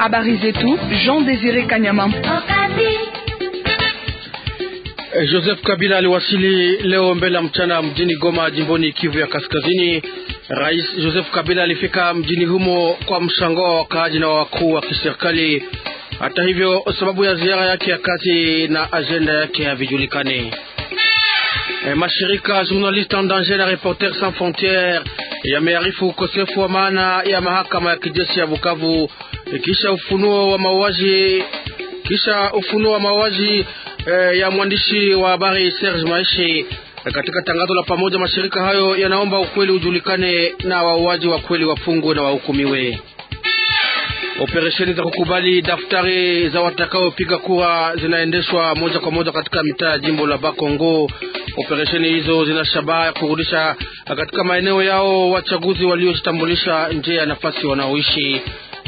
Habari zetu Jean Désiré Kanyama. Eh, Joseph Kabila aliwasili leo mbele ya mchana mjini Goma jimboni Kivu ya Kaskazini. Rais Joseph Kabila alifika mjini humo kwa mshango wa wakaaji na wakuu wa kiserikali. Hata hivyo, sababu ya ziara yake ya kazi na ajenda yake havijulikani. E, mashirika Journaliste en Danger na Reporters Sans Frontieres yamearifu ukosefu wa maana ya mahakama ya kijeshi ya Bukavu kisha ufunuo wa mauaji kisha ufunuo wa mauaji eh, ya mwandishi wa habari Serge Maishi. Katika tangazo la pamoja, mashirika hayo yanaomba ukweli ujulikane na wauaji wa kweli wafungwe na wahukumiwe. Operesheni za kukubali daftari za watakaopiga kura zinaendeshwa moja kwa moja katika mitaa ya jimbo la Bakongo. Operesheni hizo zina shabaha ya kurudisha katika maeneo yao wachaguzi waliojitambulisha nje ya nafasi wanaoishi.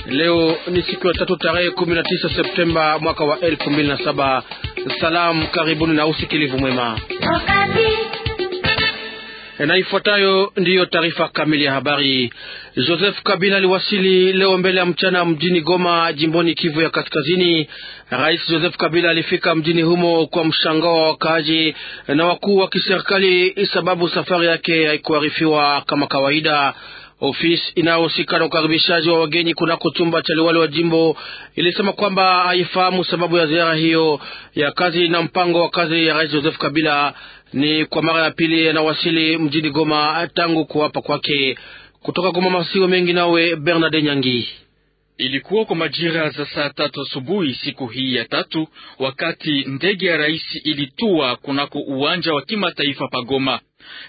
Leo ni siku ya tatu tarehe 19 Septemba mwaka wa 2007. Salamu, karibuni na usikilivu mwema. E, na ifuatayo ndiyo taarifa kamili ya habari. Joseph Kabila aliwasili leo mbele ya mchana mjini Goma, jimboni Kivu ya Kaskazini. Rais Joseph Kabila alifika mjini humo kwa mshangao wa wakaaji na wakuu wa kiserikali, sababu safari yake haikuarifiwa kama kawaida. Ofisi inayohusika na ukaribishaji wa wageni kunako chumba cha liwali wa jimbo ilisema kwamba haifahamu sababu ya ziara hiyo ya kazi na mpango wa kazi ya Rais Joseph Kabila. Ni kwa mara ya pili yanawasili mjini Goma tangu kuwapa kwake. Kutoka Goma, masio mengi nawe Bernard Nyangi. Ilikuwa kwa majira za saa tatu asubuhi siku hii ya tatu, wakati ndege ya rais ilitua kunako uwanja wa kimataifa Pagoma.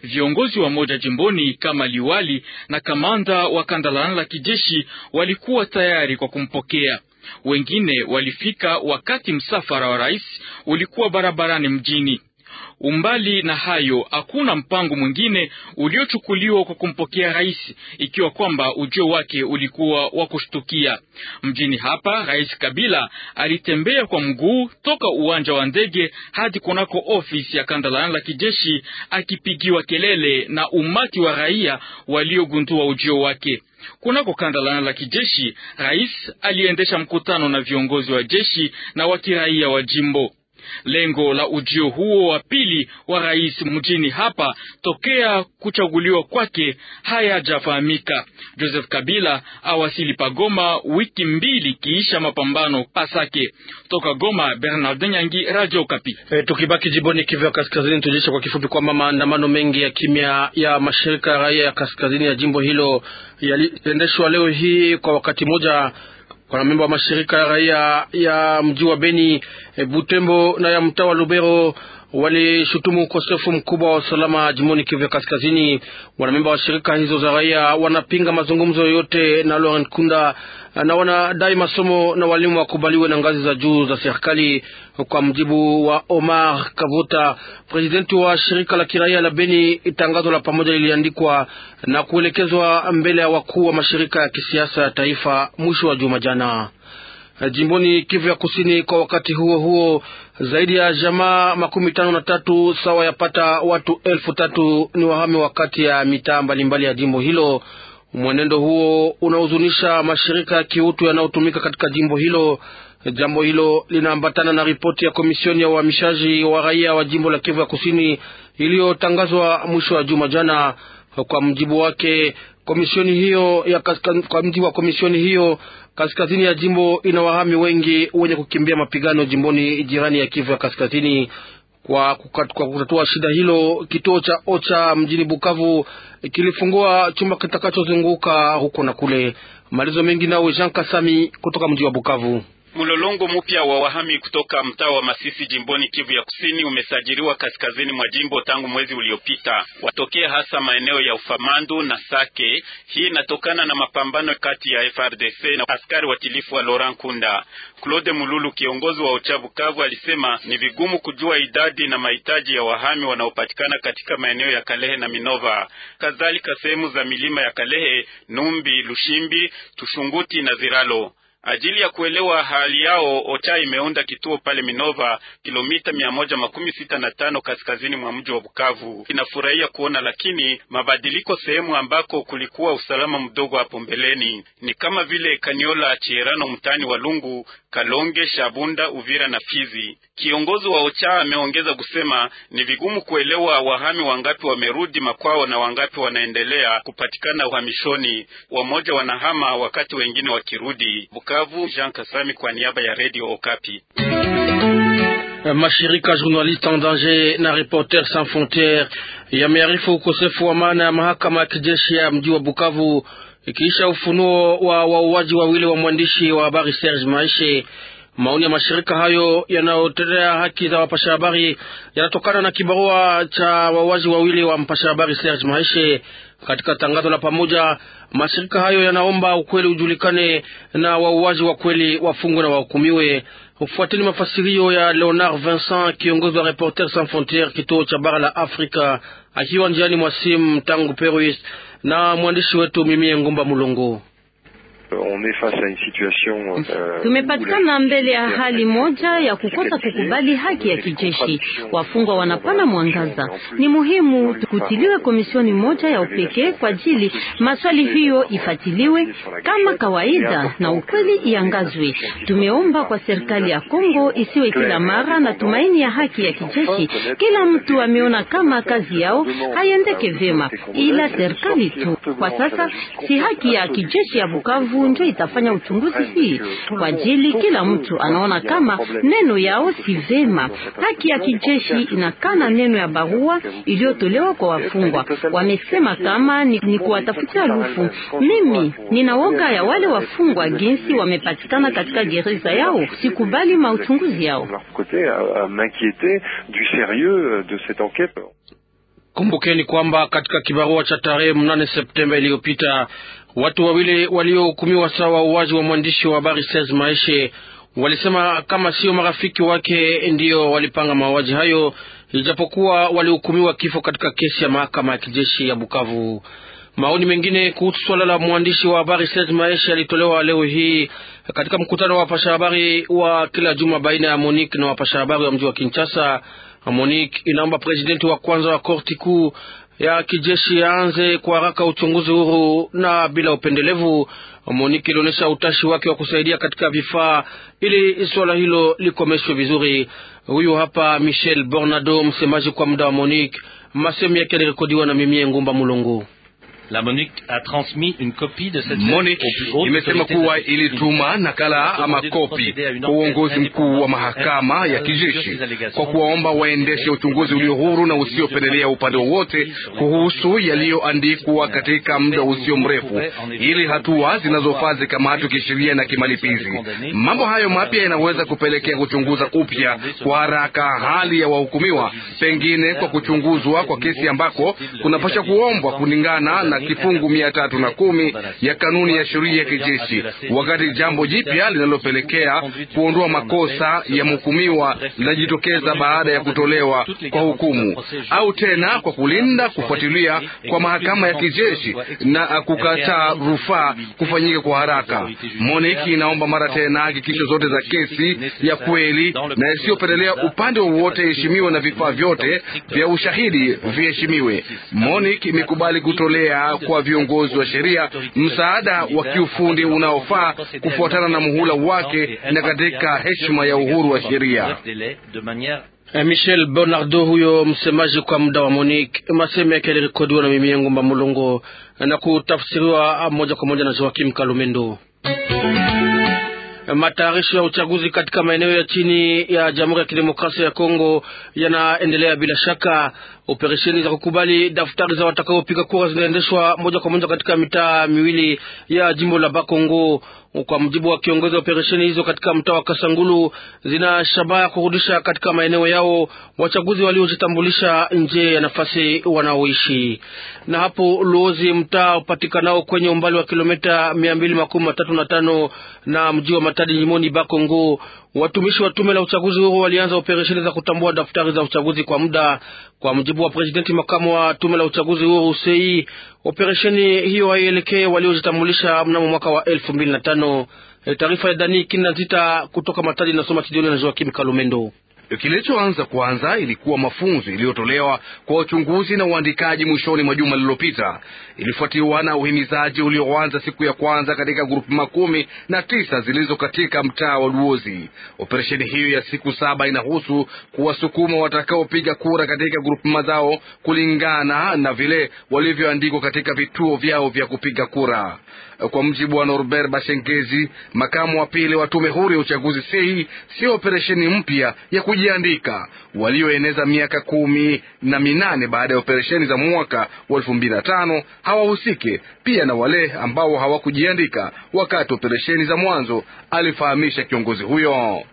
Viongozi wa moja jimboni kama liwali na kamanda wa kandalana la kijeshi walikuwa tayari kwa kumpokea. Wengine walifika wakati msafara wa rais ulikuwa barabarani mjini. Umbali na hayo, hakuna mpango mwingine uliochukuliwa kwa kumpokea rais, ikiwa kwamba ujio wake ulikuwa wa kushtukia. Mjini hapa, Rais Kabila alitembea kwa mguu toka uwanja wa ndege hadi kunako ofisi ya kandalana la kijeshi, akipigiwa kelele na umati wa raia waliogundua ujio wake. Kunako kandalana la kijeshi, rais aliendesha mkutano na viongozi wa jeshi na wa kiraia wa jimbo. Lengo la ujio huo wa pili wa rais mjini hapa tokea kuchaguliwa kwake hayajafahamika. Joseph Kabila awasili pagoma wiki mbili kiisha mapambano Pasake. Toka Goma, Bernard Nyangi, Radio Kapi. E, eh, tukibaki jiboni Kivu ya Kaskazini, tujiisha kwa kifupi kwamba maandamano mengi ya kimya ya mashirika ya raia ya kaskazini ya jimbo hilo yaliendeshwa leo hii kwa wakati mmoja wanamemba wa mashirika ya raia ya mji wa Beni, eh, Butembo na ya mtaa wa Lubero walishutumu ukosefu mkubwa wa usalama jimboni Kivu ya Kaskazini. Wanamemba wa shirika hizo za raia wanapinga mazungumzo yoyote na Laurent Kunda na wanadai masomo na walimu wakubaliwe na ngazi za juu za serikali. Kwa mjibu wa Omar Kavuta, presidenti wa shirika la kiraia la Beni, tangazo la pamoja liliandikwa na kuelekezwa mbele ya wakuu wa mashirika ya kisiasa ya taifa mwisho wa juma jana. Eh, jimboni Kivu ya Kusini. Kwa wakati huo huo, zaidi ya jamaa makumi tano na tatu sawa yapata watu elfu tatu ni wahame wakati ya mitaa mbalimbali ya jimbo hilo. Mwenendo huo unahuzunisha mashirika ya kiutu yanayotumika katika jimbo hilo. Jambo hilo linaambatana na ripoti ya komisioni ya uhamishaji wa raia wa jimbo la Kivu ya Kusini iliyotangazwa mwisho wa juma jana. Kwa mjibu wake komisioni hiyo ya kaskazini, kwa mjibu wa komisioni hiyo kaskazini ya jimbo ina wahami wengi wenye kukimbia mapigano jimboni jirani ya Kivu ya kaskazini. Kwa, kwa kutatua shida hilo, kituo cha Ocha mjini Bukavu kilifungua chumba kitakachozunguka huko na kule. Malizo mengi nawe Jean Kasami kutoka mji wa Bukavu. Mlolongo mpya wa wahami kutoka mtaa wa Masisi jimboni Kivu ya Kusini umesajiliwa kaskazini mwa jimbo tangu mwezi uliopita. Watokea hasa maeneo ya Ufamandu na Sake. Hii inatokana na mapambano kati ya FRDC na askari watilifu wa Laurent Kunda. Claude Mululu, kiongozi wa Ochavu Kavu, alisema ni vigumu kujua idadi na mahitaji ya wahami wanaopatikana katika maeneo ya Kalehe na Minova, kadhalika sehemu za milima ya Kalehe, Numbi, Lushimbi, Tushunguti na Ziralo. Ajili ya kuelewa hali yao, OCHA imeunda kituo pale Minova, kilomita mia moja makumi sita na tano kaskazini mwa mji wa Bukavu. Inafurahia kuona lakini mabadiliko sehemu ambako kulikuwa usalama mdogo hapo mbeleni, ni kama vile Kaniola, Cherano, mtani wa Lungu, Kalonge, Shabunda, Uvira na Fizi. Kiongozi wa OCHA ameongeza kusema ni vigumu kuelewa wahami wangapi wamerudi makwao na wangapi wanaendelea kupatikana uhamishoni. Wamoja wanahama wakati wengine wakirudi. Bukavu, Jean Kasami kwa niaba ya Radio Okapi. Mashirika Journaliste en Danger na reporter Sans frontiere yamearifu ukosefu wa maana ya mahakama ya kijeshi ya mji wa Bukavu ikiisha ufunuo wa wauaji wawili wa mwandishi wa habari Serge Maishe Maoni ya mashirika hayo yanayotetea haki za wapasha habari yanatokana na kibarua cha wawazi wawili wa mpasha habari Serge Maheshe. Katika tangazo la pamoja, mashirika hayo yanaomba ukweli ujulikane na wauaji wa kweli wafungwe na wahukumiwe. ufuatini mafasirio ya Leonard Vincent, kiongozi wa Reporter Sans Frontiere kituo cha bara la Afrika, akiwa njiani mwa simu tangu Paris na mwandishi wetu Mimie Ngumba Mulongo. Euh, on est face à une situation euh, mm. tumepatana mbele ya hali moja ya kukosa kukubali haki ya kijeshi. Wafungwa wanapana mwangaza, ni muhimu tukutiliwe komisioni moja ya upekee kwa ajili maswali hiyo ifatiliwe kama kawaida na ukweli iangazwe. Tumeomba kwa serikali ya Kongo isiwe kila mara na tumaini ya haki ya kijeshi. Kila mtu ameona kama kazi yao haiendeke vyema, ila serikali tu kwa sasa si haki ya kijeshi ya Bukavu yangu ndio itafanya uchunguzi hii kwa ajili. Kila mtu anaona kama neno yao si vema. Haki ya kijeshi inakana neno ya barua iliyotolewa kwa wafungwa. Wamesema kama ni, ni kuwatafutia lufu. Mimi ninawoga ya wale wafungwa jinsi wamepatikana katika gereza yao. Sikubali mauchunguzi yao. Kumbukeni kwamba katika kibarua cha tarehe mnane Septemba iliyopita Watu wawili waliohukumiwa sawa uwaji wa mwandishi wa habari Serge Maeshe walisema kama sio marafiki wake ndiyo walipanga mauaji hayo, ijapokuwa walihukumiwa kifo katika kesi ya mahakama ya kijeshi ya Bukavu. Maoni mengine kuhusu swala la mwandishi wa habari Serge Maeshe yalitolewa leo hii katika mkutano wa wapasha habari wa kila juma baina ya Monique na wapasha habari wa mji wa Kinshasa. Monique inaomba presidenti wa kwanza wa korti kuu ya kijeshi yaanze kwa haraka uchunguzi huru na bila upendelevu. Moniki ilionyesha utashi wake wa kusaidia katika vifaa ili swala hilo likomeshwe vizuri. Huyu hapa Michel Bornado, msemaji kwa muda wa Monique. Masemi yake yalirekodiwa na Mimie Ngumba Mulungu la Monique a transmis une copie de cette Monique imesema kuwa ilituma nakala ama kopi kwa uongozi mkuu wa mahakama ya euh, kijeshi kwa kuwaomba waendeshe uchunguzi ulio huru na usiopendelea upande wowote kuhusu yaliyoandikwa katika muda usio mrefu, ili hatua zinazofaa zikamatwe kisheria na kimalipizi. Mambo hayo mapya yanaweza kupelekea kuchunguza upya kwa haraka hali ya wahukumiwa, pengine kwa kuchunguzwa kwa kesi ambako kunapasha kuombwa kulingana na kifungu mia tatu na kumi ya kanuni ya sheria ya kijeshi, wakati jambo jipya linalopelekea kuondoa makosa ya mhukumiwa linajitokeza baada ya kutolewa kwa hukumu, au tena kwa kulinda kufuatilia kwa mahakama ya kijeshi na kukataa rufaa kufanyika kwa haraka. Moniki inaomba mara tena hakikisho zote za kesi ya kweli na yasiyopendelea upande wowote heshimiwe na vifaa vyote vya ushahidi viheshimiwe. Monique imekubali kutolea kwa viongozi wa sheria, msaada wa kiufundi unaofaa kufuatana na muhula wake na katika heshima ya uhuru wa sheria. Eh, Michel Bernardo huyo msemaji kwa muda wa Monique. Maseme yake yalirekodiwa na mimi yangu Ngumba Mulongo na kutafsiriwa moja kwa moja na Joakim Kalumendo. Matayarisho ya uchaguzi katika maeneo ya chini ya Jamhuri ya Kidemokrasia ya Kongo yanaendelea bila shaka. Operesheni za kukubali daftari za watakaopiga kura zinaendeshwa moja kwa moja katika mitaa miwili ya jimbo la Bakongo. Kwa mjibu wa kiongozi wa operesheni hizo katika mtaa wa Kasangulu, zina shabaha kurudisha katika maeneo yao wachaguzi waliojitambulisha nje ya nafasi wanaoishi. Na hapo Luozi, mtaa upatikanao kwenye umbali wa kilomita mia mbili makumi matatu na tano na mji wa Matadi Nyimoni Bakongo, watumishi wa tume la uchaguzi huo walianza operesheni za kutambua daftari za uchaguzi kwa muda kwa mujibu wa presidenti makamu wa tume la uchaguzi huo sei, operesheni hiyo haielekee waliojitambulisha mnamo mwaka wa elfu mbili na tano. Eh, taarifa ya Dani Zita kutoka Matadi, nasoma Tidioni na Joakim Kalumendo. Kilichoanza kwanza ilikuwa mafunzo iliyotolewa kwa uchunguzi na uandikaji mwishoni mwa juma lililopita, ilifuatiwa na uhimizaji ulioanza siku ya kwanza katika grupu makumi na tisa zilizo katika mtaa wa Luozi. Operesheni hiyo ya siku saba inahusu kuwasukuma watakaopiga kura katika grupu mazao kulingana na vile walivyoandikwa katika vituo vyao vya kupiga kura. Kwa mjibu wa Norbert Bashengezi, makamu wa pili wa tume huru ya uchaguzi, sei sio operesheni mpya ya kujiandika walioeneza miaka kumi na minane baada ya operesheni za mwaka wa elfu mbili na tano hawahusike pia na wale ambao hawakujiandika wakati operesheni za mwanzo, alifahamisha kiongozi huyo.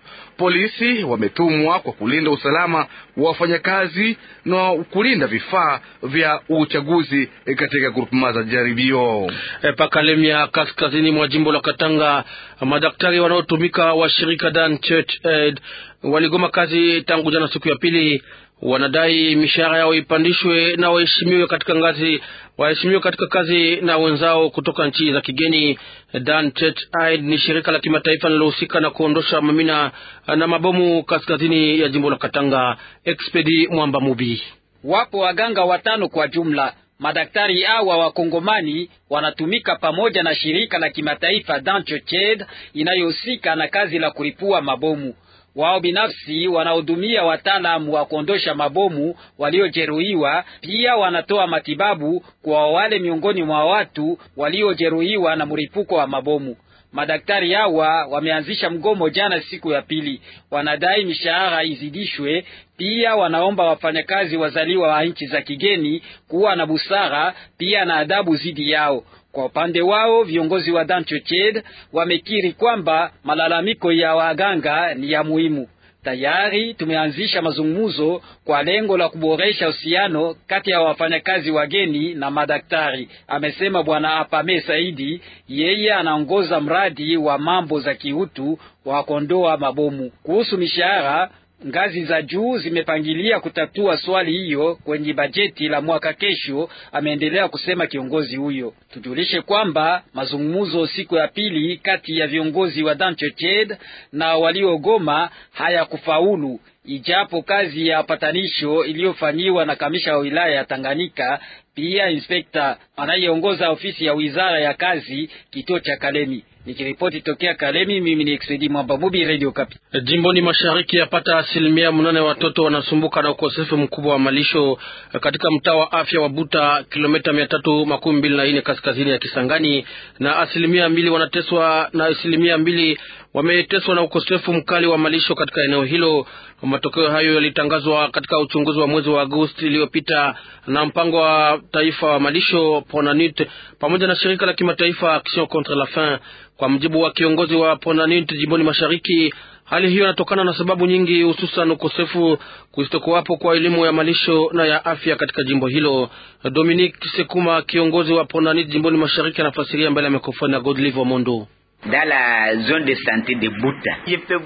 Polisi wametumwa kwa kulinda usalama wa wafanyakazi na kulinda vifaa vya uchaguzi katika grupma za jaribio. E, pakalemia kaskazini mwa jimbo la Katanga, madaktari wanaotumika wa shirika Dan Church Aid waligoma kazi tangu jana siku ya pili wanadai mishahara yao ipandishwe na waheshimiwe katika ngazi waheshimiwe katika kazi na wenzao kutoka nchi za kigeni. Dan Tet Aid ni shirika la kimataifa linalohusika na kuondosha mamina na mabomu kaskazini ya jimbo la Katanga. Expedi Mwamba Mubi, wapo waganga watano kwa jumla. Madaktari awa wakongomani wanatumika pamoja na shirika la kimataifa Dancho Ched inayohusika na kazi la kulipua mabomu wao binafsi wanahudumia wataalamu wa kuondosha mabomu waliojeruhiwa. Pia wanatoa matibabu kwa wale miongoni mwa watu waliojeruhiwa na mlipuko wa mabomu. Madaktari hawa wameanzisha mgomo jana, siku ya pili. Wanadai mishahara izidishwe. Pia wanaomba wafanyakazi wazaliwa wa nchi za kigeni kuwa na busara pia na adabu zidi yao. Kwa upande wao viongozi wa Dancheked wamekiri kwamba malalamiko ya waganga ni ya muhimu. Tayari tumeanzisha mazungumzo kwa lengo la kuboresha uhusiano kati ya wafanyakazi wageni na madaktari, amesema Bwana Apame Saidi. Yeye anaongoza mradi wa mambo za kiutu wa kondoa mabomu. Kuhusu mishahara, ngazi za juu zimepangilia kutatua swali hiyo kwenye bajeti la mwaka kesho, ameendelea kusema kiongozi huyo. Tujulishe kwamba mazungumzo siku ya pili kati ya viongozi wa Danchechede na waliogoma hayakufaulu ijapo kazi ya patanisho iliyofanyiwa na kamisha wa wilaya ya Tanganyika pia inspekta anayeongoza ofisi ya wizara ya kazi kituo cha Kalemi Nikiripoti tokea Kalemi, mimi ni Exedi Mwamba Mubi, Radio Kapi. Jimboni mashariki yapata asilimia mnane watoto wanasumbuka na ukosefu mkubwa wa malisho katika mtaa wa afya wa Buta, kilomita mia tatu makumi mbili na nne kaskazini ya Kisangani, na asilimia mbili wanateswa na asilimia mbili wameteswa na ukosefu mkali wa malisho katika eneo hilo. Matokeo hayo yalitangazwa katika uchunguzi wa mwezi wa Agosti iliyopita na mpango wa taifa wa malisho Pronanut pamoja na shirika la kimataifa Action contre la faim. Kwa mjibu wa kiongozi wa Pronanut jimboni mashariki, hali hiyo inatokana na sababu nyingi, hususan ukosefu kusitokuwapo kwa elimu ya malisho na ya afya katika jimbo hilo. Dominique Sekuma, kiongozi wa Pronanut jimboni mashariki, anafasiria mbele ya mikrofoni ya Godlive Omondo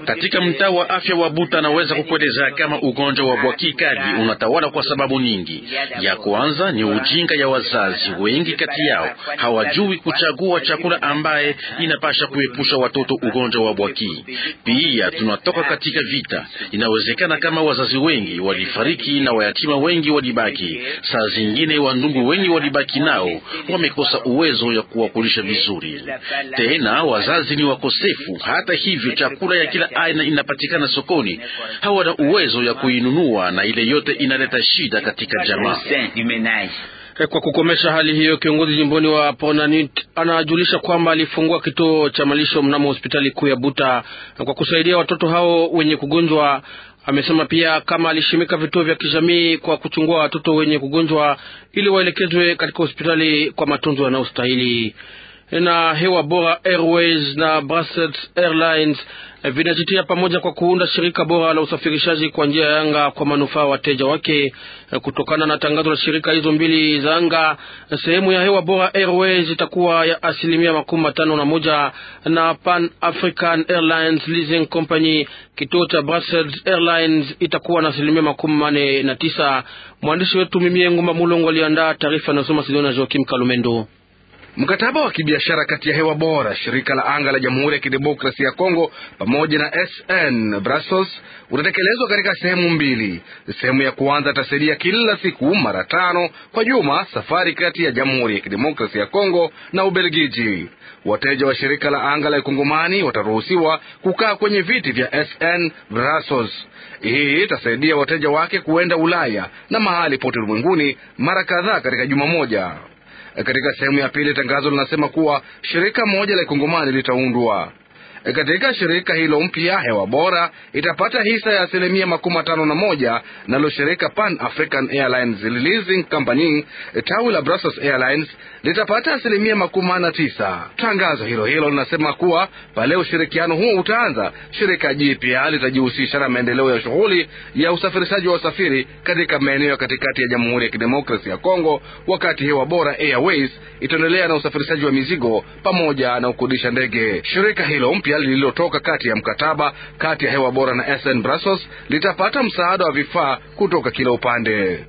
katika mtaa wa afya wa Buta naweza kukueleza kama ugonjwa wa kadi unatawala kwa sababu nyingi. Ya kwanza ni ujinga ya wazazi, wengi kati yao hawajui kuchagua chakula ambaye inapasha kuepusha watoto ugonjwa wa bwaki. Pia tunatoka katika vita, inawezekana kama wazazi wengi walifariki na wayatima wengi walibaki, saa zingine wandugu wengi walibaki nao wamekosa uwezo ya kuwakulisha vizuri. Tena Wazazi ni wakosefu. Hata hivyo, chakula ya kila aina inapatikana sokoni, hawana uwezo ya kuinunua, na ile yote inaleta shida katika jamaa. Eh, kwa kukomesha hali hiyo, kiongozi jimboni wa Ponanit anajulisha kwamba alifungua kituo cha malisho mnamo hospitali kuu ya Buta kwa kusaidia watoto hao wenye kugonjwa. Amesema pia kama alishimika vituo vya kijamii kwa kuchungua watoto wenye kugonjwa ili waelekezwe katika hospitali kwa matunzo yanayostahili na hewa bora Airways na Brussels Airlines eh, vinajitia pamoja kwa kuunda shirika bora la usafirishaji kwa njia ya anga kwa manufaa wateja wake. Eh, kutokana na tangazo la shirika hizo mbili za anga, eh, sehemu ya hewa bora Airways itakuwa ya asilimia makumi matano na moja na Pan African Airlines Leasing Company kituo cha Brussels Airlines itakuwa na asilimia makumi manne na tisa. Mwandishi wetu Mimie Ngumba Mulongo aliandaa taarifa, anasoma Sidoni Joakim Kalumendo. Mkataba wa kibiashara kati ya hewa bora, shirika la anga la Jamhuri ya kidemokrasi ya Kongo pamoja na SN Brussels utatekelezwa katika sehemu mbili. Sehemu ya kwanza itasaidia kila siku mara tano kwa juma safari kati ya Jamhuri ya kidemokrasi ya Kongo na Ubelgiji. Wateja wa shirika la anga la Kongomani wataruhusiwa kukaa kwenye viti vya SN Brussels. Hii itasaidia wateja wake kuenda Ulaya na mahali pote ulimwenguni mara kadhaa katika juma moja. Katika sehemu ya pili, tangazo linasema kuwa shirika moja la kongomani litaundwa. E katika shirika hilo mpya, hewa bora itapata hisa ya asilimia makumi matano na moja nalo shirika Pan African Airlines Leasing Company e, tawi la Brussels Airlines litapata asilimia makumi na tisa. Tangazo hilo hilo linasema kuwa pale ushirikiano huo utaanza, shirika jipya litajihusisha na maendeleo ya shughuli ya usafirishaji wa wasafiri katika maeneo ya katikati ya Jamhuri ya Kidemokrasia ya Kongo, wakati hewa bora Airways itaendelea na usafirishaji wa mizigo pamoja na kukodisha ndege. Shirika hilo mpya jipya lililotoka kati ya mkataba kati ya hewa bora na SN Brussels litapata msaada wa vifaa kutoka kila upande.